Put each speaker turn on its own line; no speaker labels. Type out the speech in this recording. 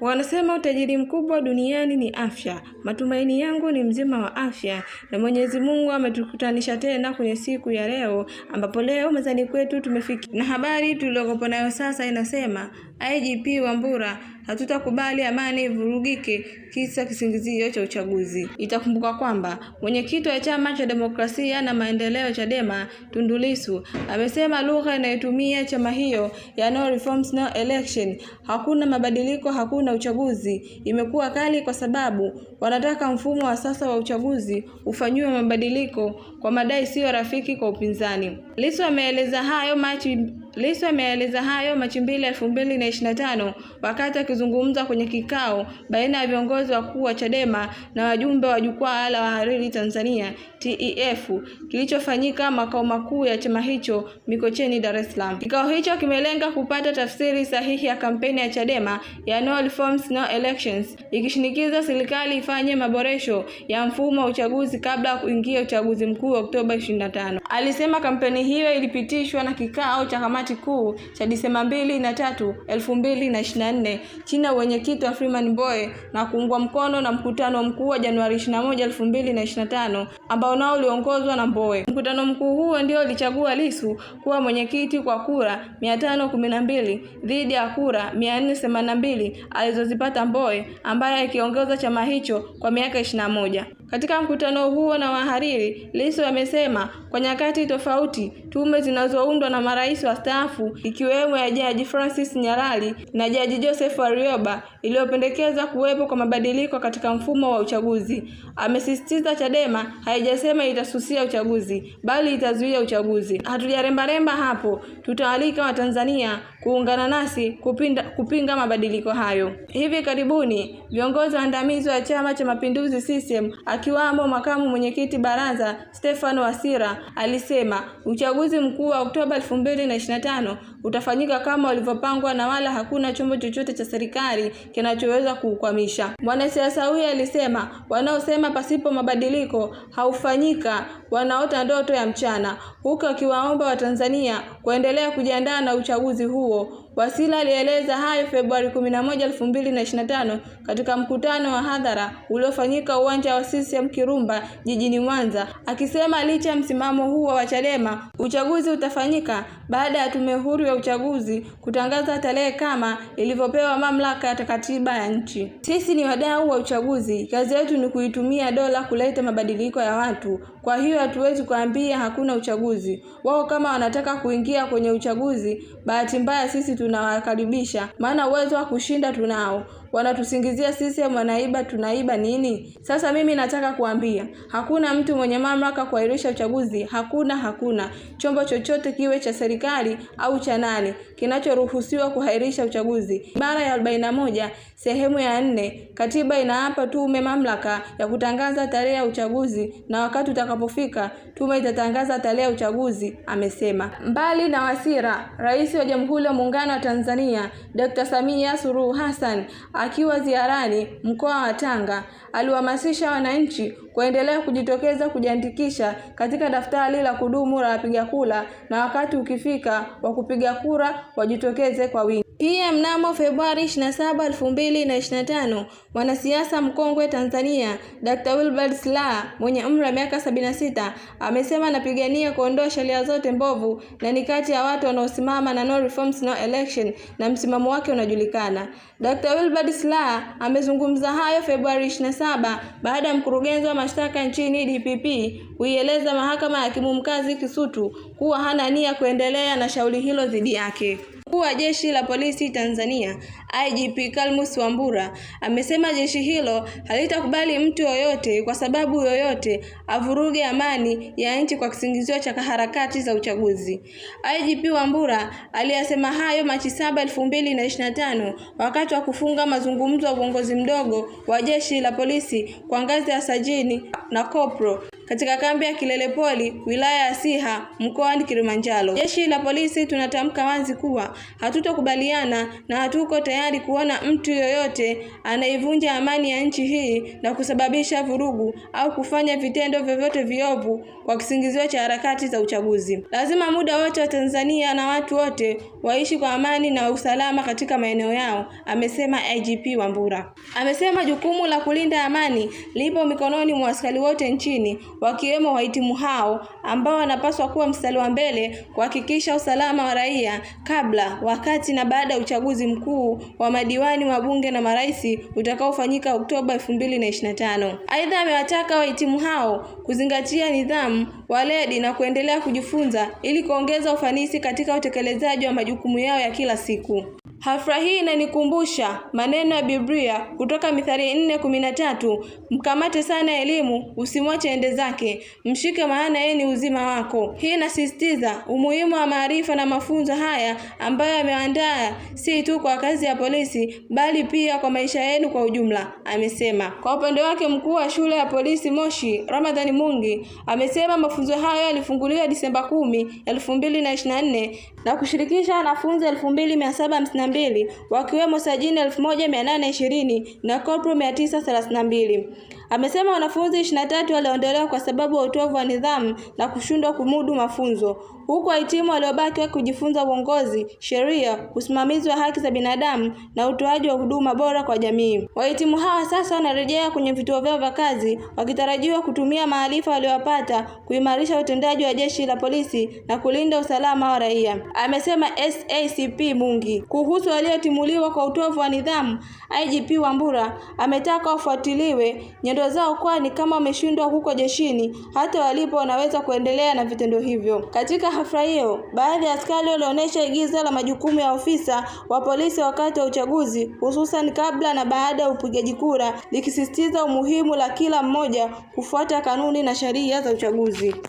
Wanasema utajiri mkubwa duniani ni afya. Matumaini yangu ni mzima wa afya, na Mwenyezi Mungu ametukutanisha tena kwenye siku ya leo, ambapo leo mezani kwetu tumefikia na habari tuliokopo nayo sasa inasema IGP Wambura, hatutakubali amani ivurugike kisa kisingizio cha uchaguzi. Itakumbuka kwamba mwenyekiti wa chama cha demokrasia na maendeleo Chadema, Tundu Lissu amesema lugha inayotumia chama hiyo ya no reforms no election, hakuna mabadiliko, hakuna uchaguzi, imekuwa kali kwa sababu wanataka mfumo wa sasa wa uchaguzi ufanyiwe mabadiliko, kwa madai siyo rafiki kwa upinzani. Lissu ameeleza hayo Machi Lissu ameeleza hayo Machi elfu mbili na ishirini na tano wakati akizungumza kwenye kikao baina ya viongozi wakuu wa Chadema na wajumbe wa jukwaa la wahariri Tanzania TEF kilichofanyika makao makuu ya chama hicho Mikocheni, Dar es Salaam. Kikao hicho kimelenga kupata tafsiri sahihi ya kampeni ya Chadema ya no reforms no elections, ikishinikiza serikali ifanye maboresho ya mfumo wa uchaguzi kabla ya kuingia uchaguzi mkuu wa Oktoba 25. Alisema kampeni hiyo ilipitishwa na kikao cha kamati kuu cha Disemba mbili na tatu elfu mbili na ishirini na nne chini ya uwenyekiti wa Freeman Mbowe na kuungwa mkono na mkutano mkuu wa Januari 21 elfu mbili na ishirini na tano ambao nao uliongozwa na Mbowe. Mkutano mkuu huo ndio ulichagua lisu kuwa mwenyekiti kwa kura mia tano kumi na mbili dhidi ya kura mia nne themanini na mbili alizozipata Mbowe ambaye akiongoza chama hicho kwa miaka ishirini na moja. Katika mkutano huo na wahariri, Lissu amesema kwa nyakati tofauti tume zinazoundwa na marais wastaafu ikiwemo ya Jaji Francis Nyalali na Jaji Joseph Warioba iliyopendekeza kuwepo kwa mabadiliko katika mfumo wa uchaguzi. Amesisitiza Chadema haijasema itasusia uchaguzi, bali itazuia uchaguzi. Hatujarembaremba hapo, tutawalika Watanzania kuungana nasi kupinda, kupinga mabadiliko hayo. Hivi karibuni viongozi waandamizi wa Chama cha Mapinduzi CCM akiwamo makamu mwenyekiti baraza Stefano Wasira alisema uchaguzi mkuu wa Oktoba 2025 utafanyika kama ulivyopangwa na wala hakuna chombo chochote cha serikali kinachoweza kuukwamisha. Mwanasiasa huyo alisema wanaosema pasipo mabadiliko haufanyika wanaota ndoto ya mchana, huku akiwaomba Watanzania kuendelea kujiandaa na uchaguzi huo Wasira alieleza hayo Februari 11, 2025 katika mkutano wa hadhara uliofanyika uwanja wa CCM Kirumba jijini Mwanza, akisema licha ya msimamo huo wa Chadema, uchaguzi utafanyika baada ya tume huru ya uchaguzi kutangaza tarehe kama ilivyopewa mamlaka ya katiba ya nchi. Sisi ni wadau wa uchaguzi, kazi yetu ni kuitumia dola kuleta mabadiliko ya watu. Kwa hiyo hatuwezi kuambia hakuna uchaguzi. Wao kama wanataka kuingia kwenye uchaguzi, bahati mbaya sisi tunawakaribisha, maana uwezo wa kushinda tunao wanatusingizia sisi wanaiba, tunaiba nini? Sasa mimi nataka kuambia hakuna mtu mwenye mamlaka kuahirisha uchaguzi. Hakuna, hakuna chombo chochote kiwe cha serikali au cha nani kinachoruhusiwa kuahirisha uchaguzi. Ibara ya moja sehemu ya nne katiba inaapa tume mamlaka ya kutangaza tarehe ya uchaguzi, na wakati utakapofika tume itatangaza tarehe ya uchaguzi, amesema. Mbali na Wasira, Rais wa Jamhuri ya Muungano wa Tanzania Dr. Samia Suluhu Hassan akiwa ziarani mkoa wa Tanga aliwahamasisha wananchi kuendelea kujitokeza kujiandikisha katika daftari la kudumu la wapiga kura na wakati ukifika wa kupiga kura wajitokeze kwa wingi. Pia e mnamo Februari 27, 2025, mwanasiasa mkongwe Tanzania Dr. wilbert Slaa mwenye umri wa miaka 76 amesema anapigania kuondoa sheria zote mbovu na ni kati ya watu wanaosimama na no reforms no election na msimamo wake unajulikana. Dr. wilbert Slaa amezungumza hayo Februari 27 baada ya mkurugenzi wa mashtaka nchini DPP kuieleza mahakama ya hakimu mkazi Kisutu kuwa hana nia kuendelea na shauri hilo dhidi yake. Mkuu wa Jeshi la Polisi Tanzania IGP Kalmus Wambura amesema jeshi hilo halitakubali mtu yoyote kwa sababu yoyote avuruge amani ya nchi kwa kisingizio cha harakati za uchaguzi. IGP Wambura aliyasema hayo Machi saba 2025 wakati wa kufunga mazungumzo ya uongozi mdogo wa Jeshi la Polisi kwa ngazi ya sajini na kopro katika kambi ya Kilelepoli wilaya ya Siha mkoani Kilimanjaro. Jeshi la polisi tunatamka wazi kuwa hatutokubaliana na hatuko tayari kuona mtu yoyote anaivunja amani ya nchi hii na kusababisha vurugu au kufanya vitendo vyovyote viovu kwa kisingizio cha harakati za uchaguzi. Lazima muda wote wa Tanzania na watu wote waishi kwa amani na usalama katika maeneo yao, amesema IGP Wambura. Amesema jukumu la kulinda amani lipo mikononi mwa askari wote nchini wakiwemo wahitimu hao ambao wanapaswa kuwa mstari wa mbele kuhakikisha usalama wa raia kabla, wakati na baada ya uchaguzi mkuu wa madiwani, wabunge na marais utakaofanyika Oktoba 2025. Aidha, amewataka wahitimu hao kuzingatia nidhamu, waledi na kuendelea kujifunza ili kuongeza ufanisi katika utekelezaji wa majukumu yao ya kila siku. Hafla hii inanikumbusha maneno ya Biblia kutoka Mithali nne kumi na tatu mkamate sana elimu, usimwache ende zake, mshike, maana yeye ni uzima wako. Hii inasisitiza umuhimu wa maarifa na mafunzo haya ambayo yameandaa si tu kwa kazi ya polisi, bali pia kwa maisha yenu kwa ujumla, amesema. Kwa upande wake, mkuu wa shule ya polisi Moshi Ramadhani Mungi amesema mafunzo hayo yalifunguliwa Disemba kumi elfu mbili na ishirini na nne na kushirikisha wanafunzi elfu mbili mia saba hamsini mbili wakiwemo sajini elfu moja mia nane ishirini na kopro mia tisa thelathini na mbili. Amesema wanafunzi 23 waliondolewa kwa sababu ya utovu wa nidhamu na kushindwa kumudu mafunzo, huku wahitimu waliobaki wakijifunza uongozi, sheria, usimamizi wa haki za binadamu na utoaji wa huduma bora kwa jamii. Wahitimu hawa sasa wanarejea kwenye vituo vyao vya kazi wakitarajiwa kutumia maarifa waliyopata kuimarisha utendaji wa jeshi la polisi na kulinda usalama wa raia, amesema SACP Mungi. Kuhusu waliotimuliwa kwa utovu wa nidhamu, IGP Wambura ametaka wafuatiliwe nyendo vitendo zao, kwani kama wameshindwa huko jeshini, hata walipo wanaweza kuendelea na vitendo hivyo. Katika hafla hiyo, baadhi ya askari walionyesha igiza la majukumu ya ofisa wa polisi wakati wa uchaguzi, hususan kabla na baada ya upigaji kura, likisisitiza umuhimu la kila mmoja kufuata kanuni na sheria za uchaguzi.